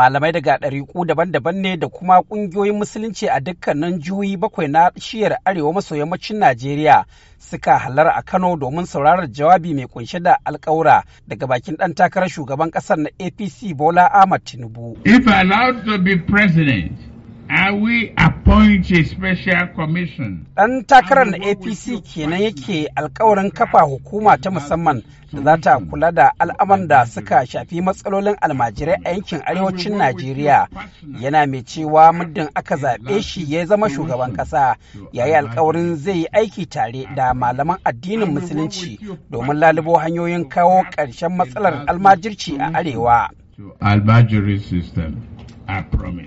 malamai daga ɗariƙu daban-daban ne da kuma ƙungiyoyin musulunci a dukkanin jihohi bakwai na shiyar arewa maso yammacin najeriya suka halar a kano domin sauraron jawabi mai kunshe da alƙawura daga bakin ɗan takarar shugaban ƙasar na apc bola ahmad tinubu if allowed to be president Dan Ɗan takarar na APC kenan yake alkawarin kafa hukuma ta musamman da za ta kula da al'amuran da suka shafi matsalolin almajirai a yankin arewacin Najeriya. Yana mai cewa muddin aka zaɓe shi ya zama shugaban ƙasa, yayi alkawarin zai yi aiki tare da malaman addinin musulunci domin lalubo hanyoyin kawo ƙarshen matsalar almajirci a arewa. Almajiri system.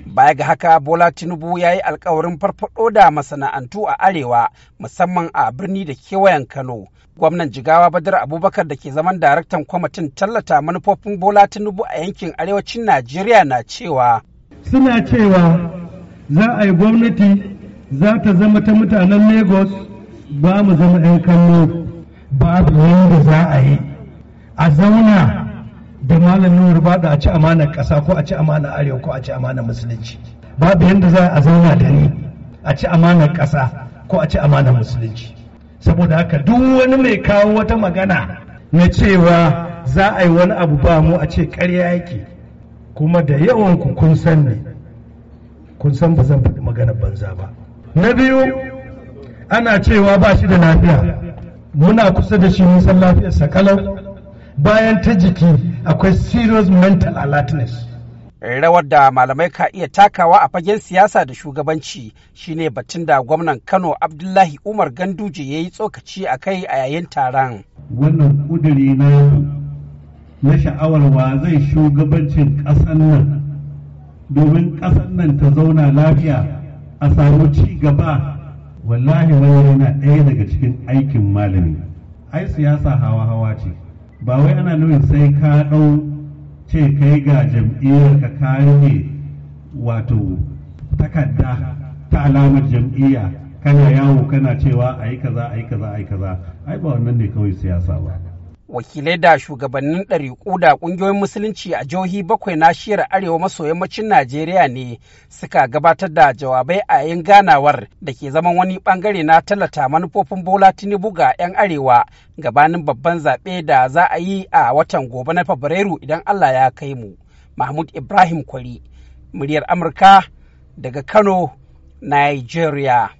Baya ga haka Bola Tinubu ya yi alkawarin farfado da masana'antu a Arewa musamman a birni da kewayen Kano. Gwamnan Jigawa Badar Abubakar da ke zaman daraktan kwamitin tallata manufofin Bola Tinubu a yankin arewacin Najeriya na cewa. Suna cewa za a yi gwamnati za ta zama ta mutanen Lagos ba mu zama 'yan kano ba yadda za a yi a zauna da malamin rubada a ci amanar ƙasa ko a ci amanar arewa ko a ci amanar musulunci babu yadda za a zauna da ni a ci amanar ƙasa ko a ci amanar musulunci saboda haka duk wani mai kawo wata magana na cewa za a yi wani abu ba mu a ce ƙarya yake kuma da yawan ku kun san ne kun san ba zan faɗi magana banza ba na biyu ana cewa ba shi da lafiya muna kusa da shi mun san lafiyarsa kalau bayan ta jiki akwai serious mental alertness rawar da malamai ka iya takawa a fagen siyasa da shugabanci shine batun da gwamnan kano abdullahi umar ganduje ya yi tsokaci a kai a yayin taron wannan kuduri na na sha'awar wa zai shugabancin ƙasar nan domin ƙasar nan ta zauna lafiya a samu ci gaba wallahi wani yana ɗaya daga cikin aikin malami ai siyasa hawa hawa ce ba wai ana nufin sai ka ɗau ce kai ga jam'iyyar ka kare wato takarda ta alamar jam'iyya kana yawo kana cewa a yi kaza a yi kaza a yi kaza ai ba wannan ne kawai siyasa ba wakilai da shugabannin ɗariƙu da ƙungiyoyin musulunci a jihohi bakwai na shiyar arewa maso yammacin najeriya ne suka gabatar da jawabai a yayin ganawar da ke zaman wani bangare na tallata manufofin bola tinubu ga 'yan arewa gabanin babban zaɓe da za a yi a watan gobe na fabrairu idan allah ya kai mu mahmud ibrahim kwari muryar amurka daga kano nigeria